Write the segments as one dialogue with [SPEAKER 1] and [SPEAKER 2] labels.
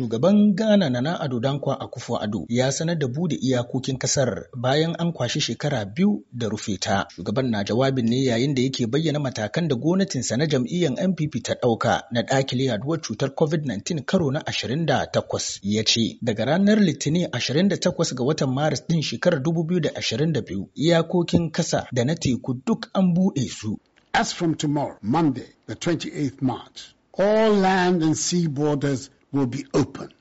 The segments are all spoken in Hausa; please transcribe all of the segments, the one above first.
[SPEAKER 1] Shugaban Ghana Nana Ado Dankwa a akufo ado ya sanar da bude iyakokin kasar bayan an kwashi shekara biyu da rufe ta. Shugaban na jawabin ne yayin da yake bayyana matakan da gwamnatinsa na jam'iyyar NPP ta ɗauka na ɗakile yaduwar cutar COVID-19 karo na 28 ya ce daga ranar Litinin 28 ga watan Maris ɗin shekarar 2022 iyakokin kasa da na teku duk an buɗe su. As from tomorrow, Monday, the 28th March, all land and sea borders will be open.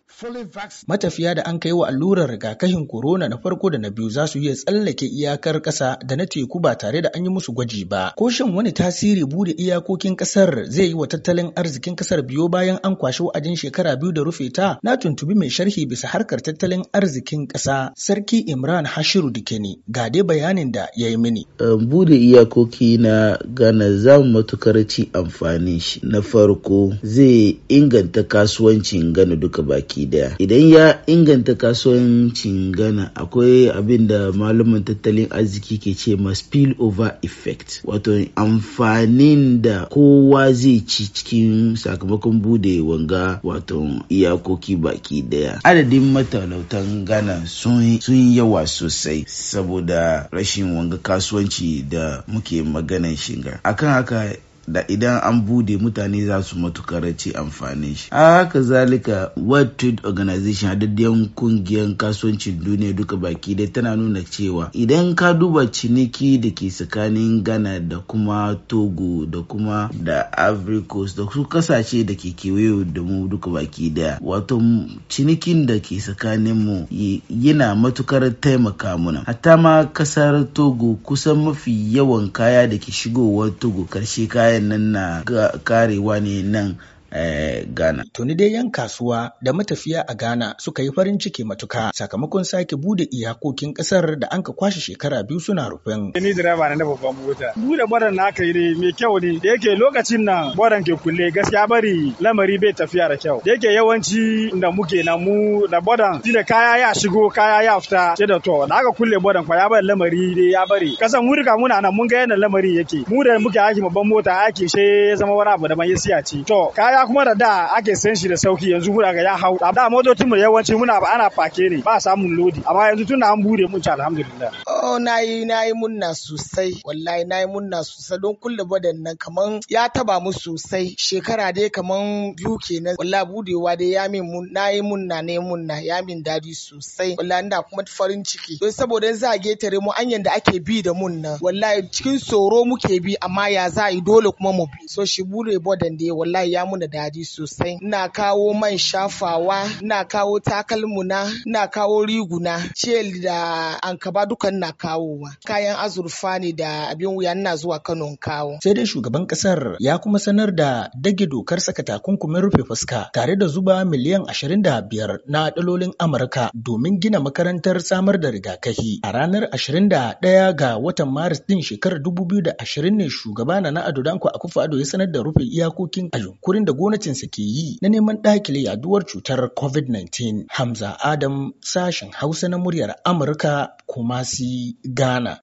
[SPEAKER 1] Matafiya da an kai wa allurar rigakafin korona na farko da na biyu za su iya tsallake iyakar ƙasa da na teku ba tare da an yi musu gwaji ba. Ko shin wani tasiri bude iyakokin ƙasar zai yi wa tattalin arzikin ƙasar biyo bayan an kwashi wa'adin shekara biyu da rufe ta? Na tuntubi mai sharhi bisa harkar tattalin arzikin ƙasa Sarki Imran Hashiru Dikeni
[SPEAKER 2] ga dai bayanin da ya yi mini. Bude iyakoki na Ghana za mu matukar ci amfanin shi. Na farko zai inganta kasuwancin Ghana duka baki daya idan ya inganta kasuwancin gana akwai abin da malumin tattalin arziki ke ce ma spill over effect wato amfanin da kowa zai ci cikin sakamakon bude wanga wato iyakoki baki daya adadin matalautan gana sun yawa sosai saboda rashin wanga kasuwanci da muke maganan shiga akan haka da idan an bude mutane za su ci amfani shi a haka zalika world trade organization hadaddiyan kungiyar kasuwancin duniya duka baki dai tana nuna cewa idan ka duba ciniki da ke tsakanin ghana da kuma togo da kuma da ivory coast da su kasashe da ke kewaye da mu duka baki daya wato cinikin da ke tsakanin mu yana matukar taimaka muna hatta ma kasar togo kusan mafi yawan kaya da ke shigowar togo karshe kaya kayan nan na karewa ne nan Eh, Ghana. Tuni dai 'yan kasuwa da
[SPEAKER 1] matafiya a Ghana suka yi farin ciki matuka sakamakon sake bude iyakokin kasar da an ka kwashe shekara biyu suna rufin.
[SPEAKER 3] Ni direba na babban mota. Bude bodan na aka yi ne mai kyau ne da yake lokacin nan bodan ke kulle gaskiya bari lamari bai tafiya da kyau. Da yake yawanci da muke na mu da bodan shi da kaya ya shigo kaya ya fita ce da to da aka kulle bodan fa ya bari lamari dai ya bari. Kasan mu riga muna nan mun ga yadda lamari yake. Mu da muke aiki babban mota aiki sai ya zama wani abu da yi siya ci To kaya kaya kuma da da ake san shi da sauki yanzu muna ga ya hau da motocin mu yawanci muna ana fake ne ba samun lodi amma yanzu tun an bude mun ci alhamdulillah
[SPEAKER 4] Oh, na yi na yi munna sosai wallahi na yi munna sosai don kulle badan nan kaman ya taba mu sosai shekara dai kaman biyu kenan wallahi budewa dai ya min mun na yi munna ne munna ya min dadi sosai wallahi ina kuma farin ciki don saboda za a getare mu anyan da ake bi da mun nan wallahi cikin tsoro muke bi amma ya za a yi dole kuma mu bi so shi bude badan dai wallahi ya muna dadi sosai ina kawo man shafawa ina kawo takalmuna ina kawo riguna chel da ankaba dukan na kawowa kayan azurfa ne da abin wuya na zuwa Kano kawo
[SPEAKER 1] sai dai shugaban kasar ya kuma sanar da dage dokar saka takunkumin rufe fuska tare da zuba miliyan 25 na dalolin Amurka domin gina makarantar samar da rigakafi a ranar 21 ga watan Maris din shekarar 2020 ne shugaba na Ado Danko Akufo-Addo ya sanar da rufe iyakokin a yunkurin da gwamnatinsa ke yi na neman dakile yaduwar cutar COVID-19 Hamza Adam sashen Hausa na muryar Amurka Kumasi Ghana